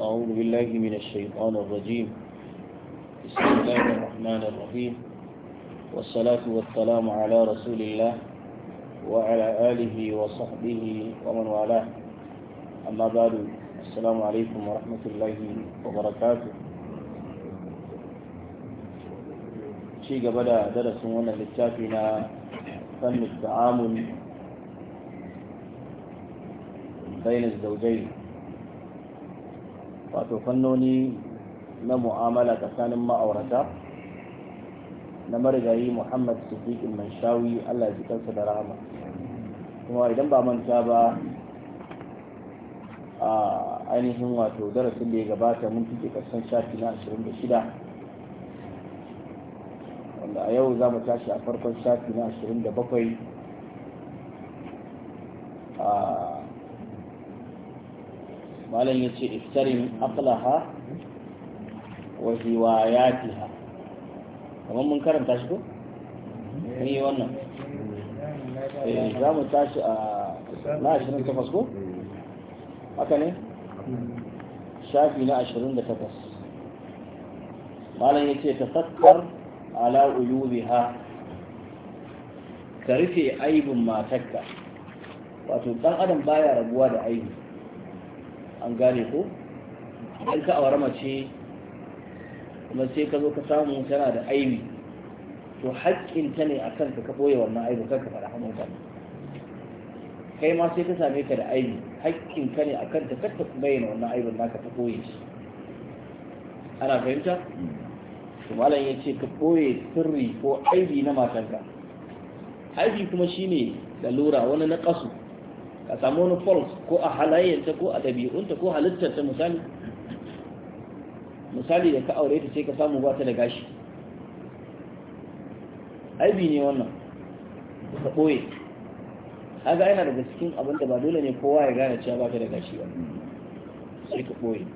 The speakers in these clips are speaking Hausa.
أعوذ بالله من الشيطان الرجيم بسم الله الرحمن الرحيم والصلاة والسلام على رسول الله وعلى آله وصحبه ومن والاه أما بعد السلام عليكم ورحمة الله وبركاته شيء قبل درس هنا للتافنا فن التعامل بين الزوجين wato fannoni na mu'amala tsakanin ma'aurata na marigayi muhammad mai shawi allah ji kansa da rahama kuma idan ba manta ba a ainihin wato darasin da ya gabata mun fi karshen shafi na 26 wanda a yau za mu tashi a farkon shafi na 27 a malam ya ce iftarin aqlaha wa hiwayatiha kamar mun karanta shi ko mun yi wannan eh, za mu tashi a na ashirin takwas ko haka ne shafi na ashirin da takwas. malam ya ce tafakkar ala ha. ka rufe aibin matakka wato dan adam baya rabuwa da aibi an gane ko idan ka aure mace kuma sai ka zo ka samu tana da aibi to haƙƙin ta ne a kanka ka ɓoye wannan aibi kan ka faɗa hannun kai ma sai ka same ka da aibi haƙƙin ka ne a kanta kar ka bayyana wannan aibin naka ta ɓoye shi ana fahimta to malam ya ce ka ɓoye sirri ko aibi na matanka aibi kuma shine lalura wani na ƙasu ka samu wani fault ko a halayyarta ko a ɗabi'unta ko halittarta misali misali da ka aure ta sai ka samu ba ta da gashi aibi ne wannan ka ɓoye Haga yana daga cikin abin da ba dole ne kowa ya gane cewa ba ta da gashi ba sai ka ɓoye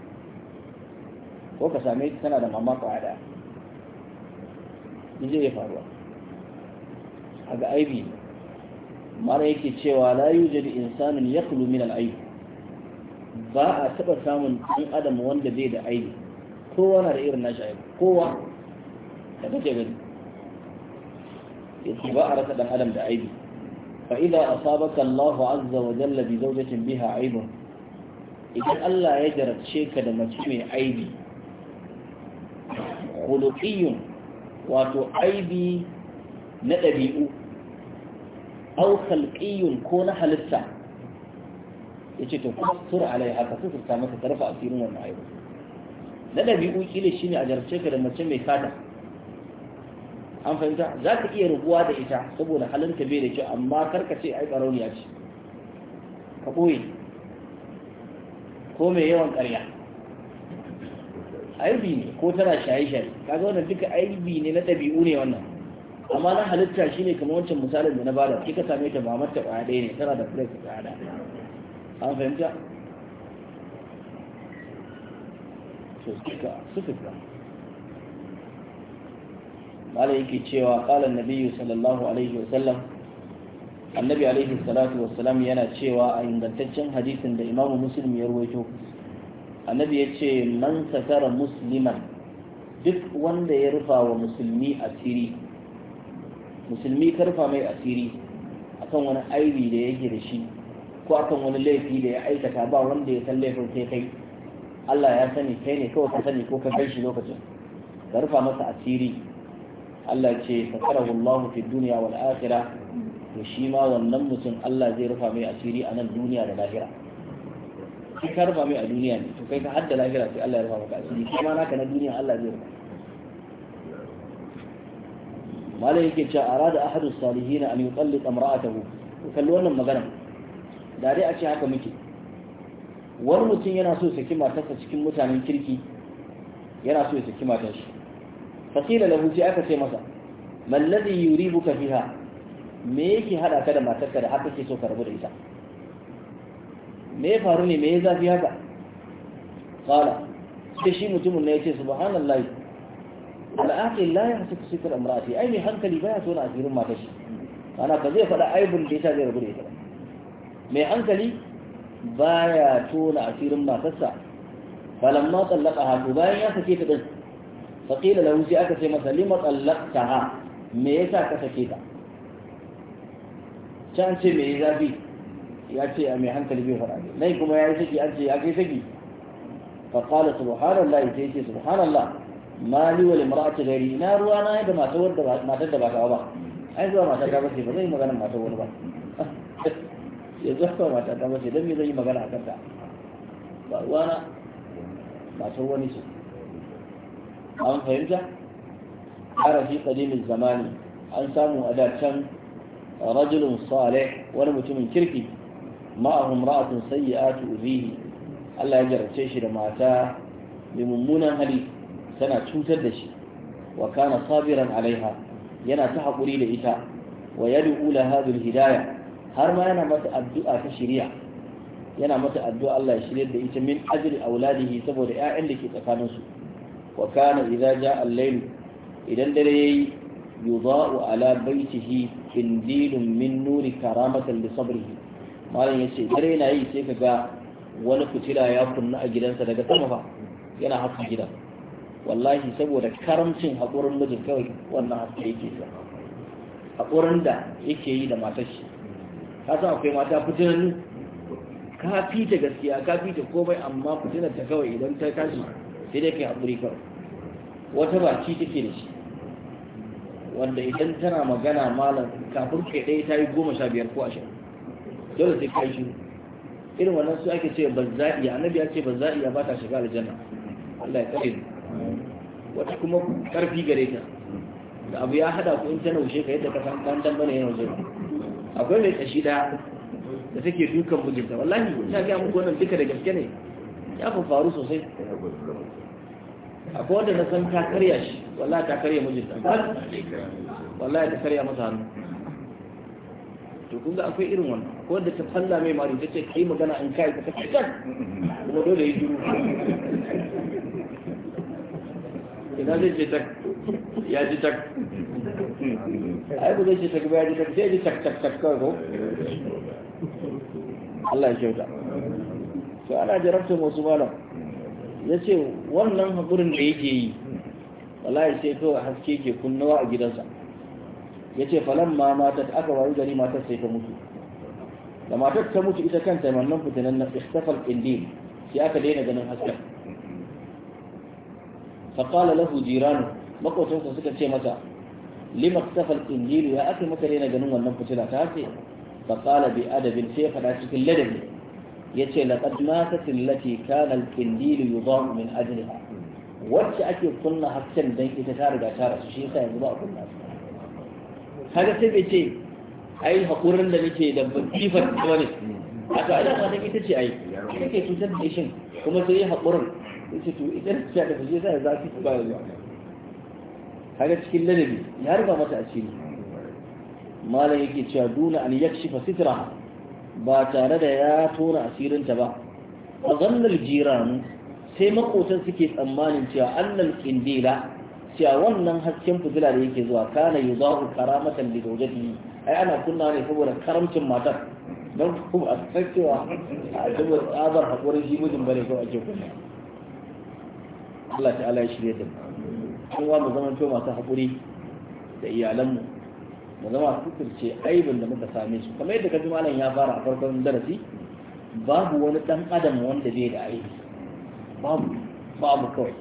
ko ka same ta tana da ko a Ni zai faruwa a ga aibi ne mara yake cewa la yujad insanun yakhlu min al-ayb ba a taɓa samun ɗan adam wanda zai da aibi kowa na da irin nashi aibi kowa da kake gani yake ba a rasa ɗan adam da aibi fa idza asabaka Allah azza wa jalla bi zawjatin biha aibun idan Allah ya jarabce ka da mace mai aibi khuluqiyyun wato aibi na ɗabi'u aw khalqiyyun ko na halitta yace to kusur alai haka su furta maka tarfa asirin wannan aibu na dabi'u kila shine a jarce ka da mace mai fada. an fahimta za ka iya rubuwa da ita saboda halinta bai da kyau amma kar ka ce ai barauniya ce ka ɓoye ko mai yawan ƙarya aibi ne ko tana shaye-shaye kaga wannan duka aibi ne na ɗabi'u ne wannan amma na halitta shine kamar wancan misalin da na bada kika same ta ba mata kwaya ɗaya ne tana da plate kwaya ɗaya an fahimta to suka suka fita mala yake cewa qala nabiyyu sallallahu alaihi wa sallam annabi alaihi salatu wa salam yana cewa a ingantaccen hadisin da imamu muslim ya rawaito annabi ya ce man satara musliman duk wanda ya rufa wa musulmi asiri musulmi karfa mai asiri akan wani aibi da yake da shi ko akan wani laifi da ya aikata ba wanda ya san laifin sai kai Allah ya sani kai ne kawai ka sani ko ka kai shi lokacin ka rufa masa asiri Allah ce sakarahu Allah fi dunya wal akhira" to shi ma wannan mutum Allah zai rufa mai asiri a nan duniya da lahira kai ka rufa mai a duniya ne to kai ka hadda lahira sai Allah ya rufa maka asiri kuma naka na duniya Allah zai rufa malai yake cewa arada ahadu na an yutalliq imra'atahu kalli wannan magana da dai a ce haka muke wani mutum yana so saki matarsa cikin mutanen kirki yana so ya saki matar shi fasila lahu sai aka ce masa man ladhi yuribuka fiha me yake hada ka da matarka da haka ke so ka rabu da ita me faru ne me ya zafi haka qala sai shi mutumin na ya ce subhanallah. al'aqil la yahsiku sitr imrati ai mai hankali baya so na asirin mata shi ana ba zai faɗa aibun da yasa zai rabu da ita mai hankali baya tona asirin matarsa ma tsallaka to bayan ya sake ta din faƙila lahu sai aka ce masa lima tsallaka ha me yasa ka sake ta can ce me zafi ya ce a mai hankali bai faɗa ne nai kuma ya yi saki an ce ya kai saki faƙala subhanallah sai ce subhanallah mali wal imra'ati ghairi na ruwa na da mata da matar da ba ta ba ai zuwa mata ta bace ba zai magana mata wani ba ya zuwa mata ta bace dan me zai magana akan ta ba ruwa na mata wani ce an fahimta ara fi qadimin zamani an samu a da can rajulun salih wani mutumin kirki ma'ahum ra'atun sayyi'atu uzihi Allah ya jarrace shi da mata mai mummunan hali tana cutar da shi wa kana sabiran alaiha yana ta haƙuri da ita wa yad'u laha bil hidaya har ma yana mata addu'a ta shirya. yana mata addu'a Allah ya shirya da ita min ajli auladihi saboda ƴaƴan da ke tsakanin su wa kana idza ja'a al-layl idan dare yayi yudha'u ala baitihi kindilun min nuri karamatan li sabrihi malam yace dare na yi sai kaga wani fitila ya kunna a gidansa daga sama fa yana haka gidan wallahi saboda karamcin haƙurin mijin kawai wannan haske yake sa haƙurin da yake yi da matar shi ka san akwai mata fitinan ka fi ta gaskiya ka fi ta komai amma fitinan ta kawai idan ta tashi sai dai kai haƙuri kawai wata baki take da shi wanda idan tana magana malam kafin kai ɗaya ta yi goma sha biyar ko ashirin dole sai kai shi irin wannan su ake ce bazza'iya annabi ya ce bazza'iya ba ta shiga aljanna Allah ya kare wata kuma karfi gare ta da abu ya hada ku in ta naushe ka yadda ka san kan dan bane yanzu akwai mai kashi da da take dukan mijinta wallahi ina ga muku wannan duka da gaske ne ya fa faru sosai akwai wanda na san ta karya shi wallahi ta karya mijinta wallahi ta karya masa hannu to kun ga akwai irin wannan akwai wanda ta falla mai mari ta ce kai magana in kai ka ta kuma dole yi duru ina zai ce tak ya ji tak ai ba zai ce tak ba ya ji tak zai ji tak tak tak kawai ko Allah ya kyauta to ana jarabta wasu malam ya ce wannan haƙurin da yake yi wallahi sai kawai haske ke kunnawa a gidansa ya ce falon ma matar aka wayi gari matar sai ta mutu da matar ta mutu ita kanta mannan fitinan na istafal indin sai aka daina ganin hasken faqala lahu jiranu makocinsa suka ce masa lima tafa al ya aka maka rena ganin wannan fitila ta ce faqala bi adabin sai fada cikin ladabi yace laqad matat allati kana al-injil yudha'u min ajliha wacce ake kunna hasken dan ita ta riga ta rasu shi yasa yanzu ba a kunna su kaga sai bai ce ai hakurin da nake da sifar ta a to ai ita ce ai kake cutar da shin kuma sai hakurin yace to idan da da sai za ki ba ya kaga cikin ladabi ya riga mata a cikin malam yake cewa duna an yakshifa sitra ba tare da ya tona asirinta ba a zannar jiranu sai makotan suke tsammanin cewa annal kindila cewa wannan hasken fitila da yake zuwa kana yi za'u karamatan da gaujati ai ana kunna ne saboda karamcin matar don kuma a san cewa a saboda tsabar haƙurin shi mijin bane kawai ake kunna Allah ta'ala ya shirye da mu wa mu zama to masu haƙuri da iyalanmu mu zama kuturce aibin da muka same su kamar yadda kaji malam ya fara a farkon darasi babu wani dan adam wanda bai da aibi babu babu kawai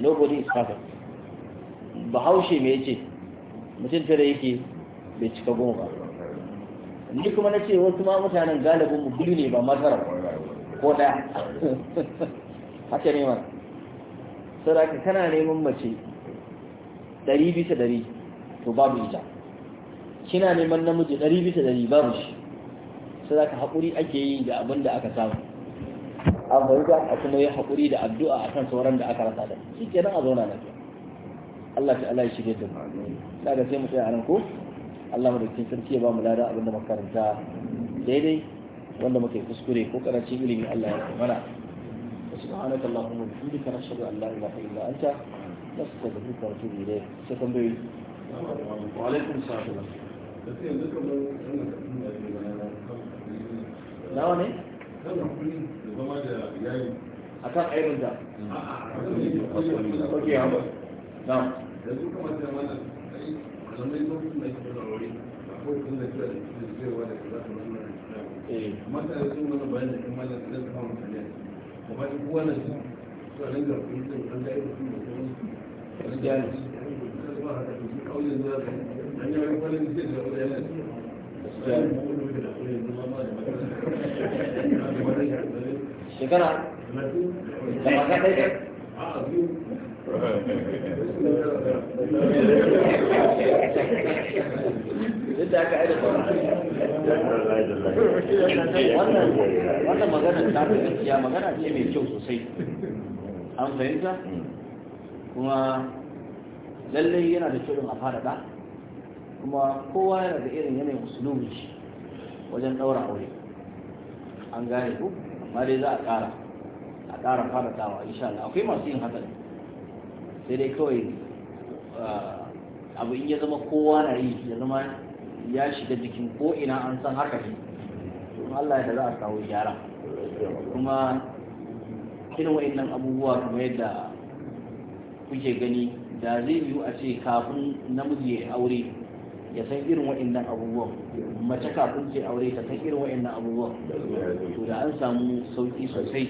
nobody is perfect bahaushe me yace mutum tare yake bai cika goma ba ni kuma na ce wasu ma mutanen galibin mu biyu ne ba masara ko ɗaya haka ne mana saboda kana neman mace ɗari bisa ɗari to babu ita kina neman namiji ɗari bisa ɗari babu shi saboda haƙuri ake yi da abin da aka samu an fahimta a kuma yi haƙuri da addu'a akan sauran da aka rasa da shi nan a zauna na lafiya Allah ta Allah ya shirye da mu daga sai mu tsaya a nan ko Allah mu dukkan sarki ya ba mu lada abin da makaranta daidai wanda muke kuskure ko karancin ilimin Allah ya mana وسبحانك اللهم وبحمدك نشهد ان لا اله الا انت نستغفرك ونتوب اليك شكرا بي وعليكم السلام لا نعم إيه. kuma in wannan su suna nan garfi da irin kuma kuma wani haka yi wani da wani da duk da aka aida wannan magana ta gaskiya magana ce mai kyau sosai an fahimta kuma lallai yana da kyau a fara da kuma kowa yana da irin yanayin musulmi wajen ɗaura aure an gane ku amma dai za a kara a fara faɗaɗawa insha Allah akwai masu yin hakan sai dai kawai ah, abu in ya zama kowa na yi ya zama ya shiga jikin ko ina an san haka ne in Allah da za a kawo gyara kuma irin wa'annan abubuwa kuma yadda kuke gani da zai yiwu a ce kafin namiji ya aure ya san irin wa'annan abubuwan mace kafin ce aure ta san irin wa'annan abubuwan to da an samu sauki sosai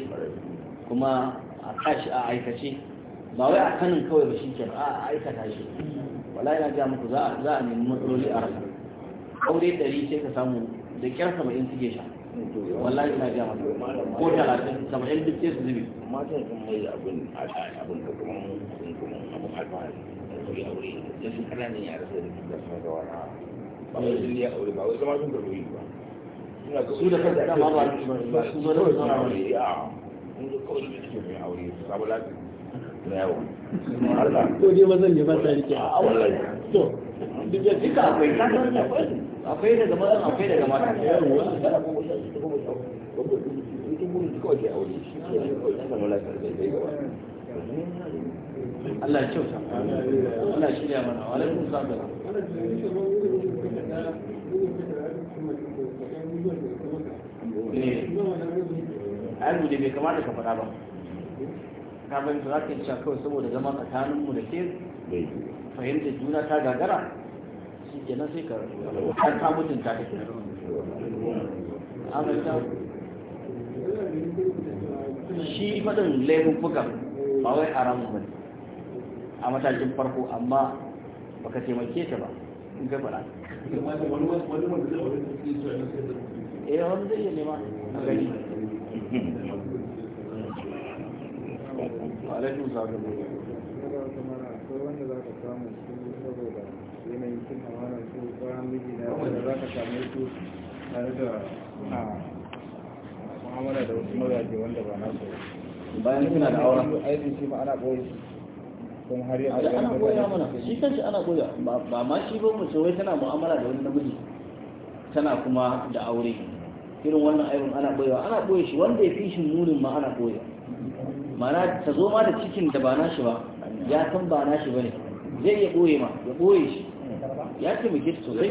kuma a kashi a aikace ba wai a kanin kawai ba shi ke a aikata shi wala yana ga muku za a nemi matsaloli a rasa aure dari sai ka samu da kyar in suke sha wallahi ina ga masa ko talatin saba'in duk sai su zubi matan sun mai abin abin da kuma sun kuma abin alfahari da su yi aure da su ƙananan yara sai da kuma sun ga wani ba wai sun yi aure ba wai zama sun ga ruwi ba su da kanka dama ba su zo da su zauna wani a sun zo kawai da suke mai aure su samu lafiya na yawon Allah ko dai mazan ne ba sa rike a wallahi to duk da duka akwai kasan akwai daga mazan akwai daga mata wasu tara ko wasu su kuma sau mutum gudun duka wace aure shi ke nan kawai samu lafiyar da zai gaba Allah ya kyauta Allah shi ya mana wa alaikum salam eh, ya bai kamata ka faɗa ba ka bayyana Allah ka yi kawai saboda zama tsakaninmu da ke fahimtar juna ta gagara shi ke nan sai ka kan ka mutunta ta kenan amurka shi fadin laifin fukan ba wai ramu ba ne a matakin farko amma baka taimake ta ba in ka faɗa eh wani zai yi nema a gani same su tare da suna mu'amala da wasu mazaje wanda ba nasu bayan suna da auren aikin shi ma ana ɓoye don har yi ana koya mana shi kanshi ana koya ba ma shi ba mace wai tana mu'amala da wani namiji tana kuma da aure irin wannan aibin ana boyewa ana koya shi wanda ya fi shi munin ma ana koya mana ta zo ma da cikin da ba na shi ba ya san ba na shi ba ne zai iya boye ma ya koye shi ya taimake shi sosai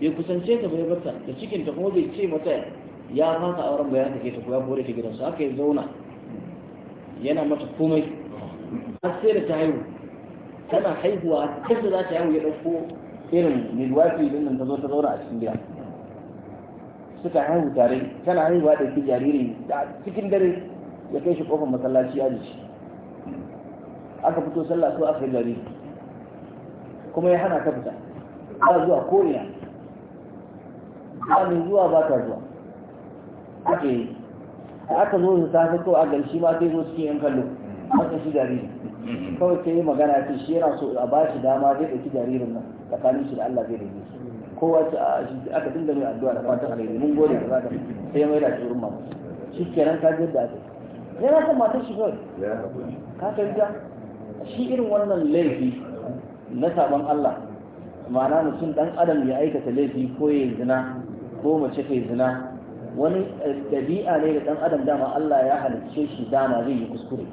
ya kusance ta bai bata da cikin ta kuma bai ce mata ya a auren bayan take ta kuma bore ta gidansu aka yi zauna yana mata komai har sai da ta haihu tana haihuwa da za ta haihu ya ɗauko irin midwife din nan ta zo ta zauna a cikin gida suka haihu tare tana haihuwa da ke jariri da cikin dare ya kai shi kofar masallaci ya ji aka fito sallah so aka yi jariri kuma ya hana ta fita ba zuwa ko ba zuwa ba ta zuwa ake yi aka zo da ta ko a ganshi ma sai zo cikin yan kallo kan shi jariri kawai sai magana ta shi yana so a ba shi dama zai ɗauki jaririn nan tsakanin shi da Allah zai rage shi kowa ta shi aka dinga mai addu'a da fatan alheri mun gode da zaka sai mai da shirin mamu shi kenan ka ji da aka na san matar shi kawai ka tarja shi irin wannan laifi na sabon Allah ma'ana mutum dan adam ya aikata laifi ko ya zina ko mace kai zina wani eh, ɗabi'a ne da ɗan adam dama Allah ya halicce shi dama zai yi kuskure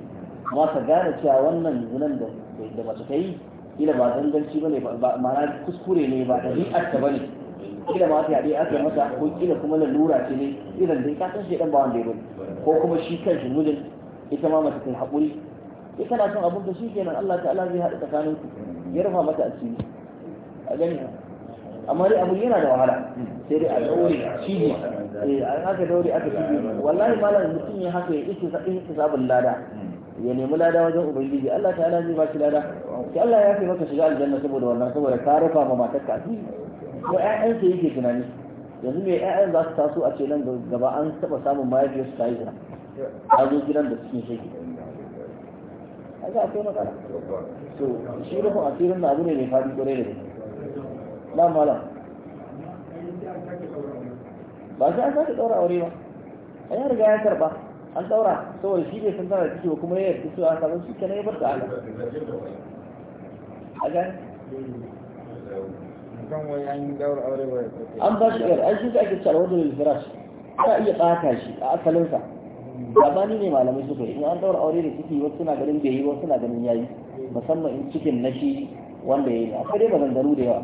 amma ka gane cewa wannan zinan da mace ta yi kila ba zanganci ne ba ma'ana kuskure ne ba ɗabi'ar ta ne kila ma ta yaɗe aka masa ko kila kuma lalura ce ne irin dai ka san shi ɗan ba wanda ya ko kuma shi kan shi mijin ita ma mace ta yi haƙuri Ita kana son abin da shi kenan Allah ta'ala zai haɗa tsakaninku ku ya rufa mata asiri a gani amma dai abun yana da wahala hmm. sai dai a daure shi ne eh, an aka daure aka shi ne wallahi malam mutum ya haka ya iske sabon lada hmm. ya nemi lada wajen ubangiji Allah ta'ala zai ba shi lada sai Allah ya fi maka shiga aljanna saboda wannan saboda ka rufa ma matar ka ko ƴaƴan sai yake tunani yanzu me ƴaƴan za su taso a ce nan gaba an taba samun mahaifiyar su ta yi ta zo gidan da cikin shi kaga akwai matsala so shi rufin asirin na abu ne mai faɗi ƙwarai da gaske na malam ba sai an sake daura aure ba an yi riga ya karba an daura saboda shi bai san tana ciki ba kuma ya yarda cewa an samu shi kenan ya bar ta ala a gani an ba shi yar an shi ake cewa alwadul lilfirash ana iya ɓata shi a asalinsa labani ne malamai suka yi in an daura aure da ciki wasu suna ganin bai yi wasu suna ganin yayi musamman in cikin na shi wanda ya yi akwai dai maganganu da yawa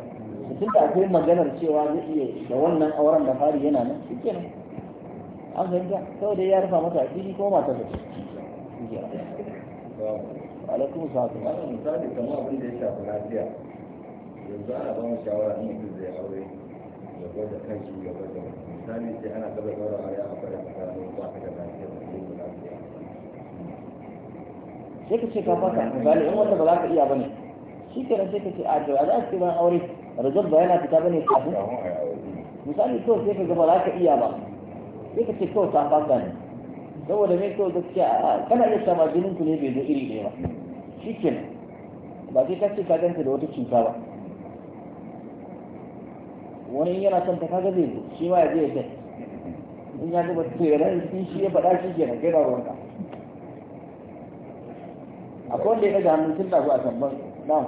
tun da akwai maganar cewa zai iya da wannan auren da fari yana nan shi kenan an fahimta saboda ya rufa mata asiri ko matar da alaikum salam misali kamar abin da ya shafi lafiya yanzu ana ba mu shawara in mutum zai aure ya gwada kanshi ya gwada misali sai ana gaba gaba a ya akwai a gano ba ka da lafiya da ke lafiya sai ka ce ka fasa misali in wata ba za ka iya ba ne shi kenan sai ka ce a da za a ce ban aure rajab ba yana fita bane kafin misali to sai ka gaba za ka iya ba sai ka ce kawai ta fasa ne saboda me to gaskiya a kana iya sama jinin ku ne bai zo iri ɗaya ba Cikin, ba sai ka ce ka ganta da wata cuta ba wani yana son ta kaga zai zo shi ma ya je ya ce in ya gaba to ya rai shi ya faɗa shi kenan kai ba ruwanka akwai wanda ya ɗaga hannun sun ɗagu a tambar damu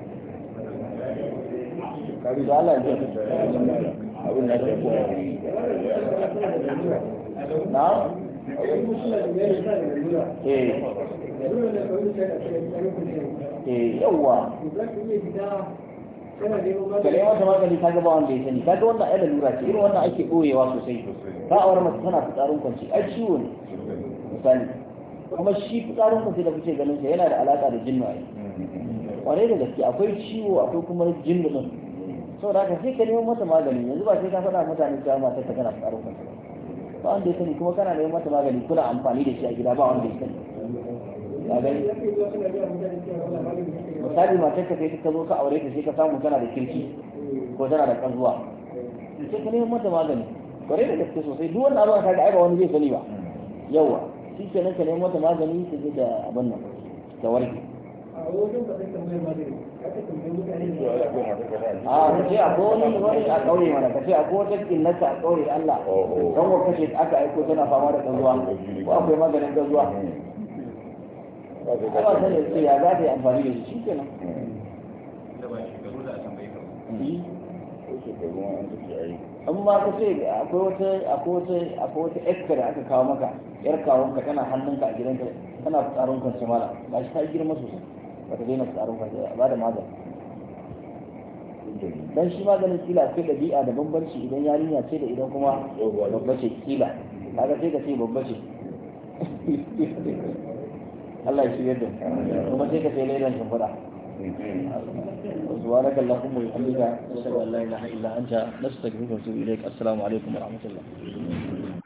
kari da Allah ya abin eh. eh, ta gaba wanda ya sani ta ga wannan ayyana lura ce irin wannan ake ɓoyewa sosai ba a wani mace tana fitsarin kwanci a ciwo ne misali kuma shi fitsarin kwanci da kuke ganin sa yana da alaƙa da jinnu ai wane da gaske akwai ciwo akwai kuma jinnu saboda haka sai ka nemo mata magani yanzu ba sai ka faɗa mutane cewa matar ta kana tsaron kanta ba wanda ya sani kuma kana neman mata magani kuna amfani da shi a gida ba wanda ya sani misali matar ka kai ka zo ka aure ta sai ka samu tana da kirki ko tana da kanzuwa sai ka neman mata magani kwarai da gaske sosai duk wanda abu ka ga ai ba wani zai sani ba yawa shi kenan ka neman mata magani ta je da abin nan ta warke a ce a wani wani a ƙauye mana ka ce a ko wata kinnata a ƙauye Allah oh, oh. don wa kashe aka aiko tana fama da gazuwa ko akwai maganin gazuwa hmm. ba ta da ya za ta yi amfani da shi kenan hmm. hmm. amma ma ka ce akwai wata akwai wata akwai wata extra da aka kawo maka yar kawonka tana hannunka a gidanka tana tsaron kwanci mala ba shi ta girma sosai ba ta daina tsarin fashe a ba da magani dan shi maganin kila sai da bi'a da bambanci idan yarinya ce da idan kuma bambance kila kaga sai ka sai bambance Allah ya shirya da kuma sai ka sai lailan shimfiɗa zuwa raka lafi mai hamdika wasu Allah ya la'ila anta nasu ta gafi kwasu ilai assalamu alaikum wa rahmatullahi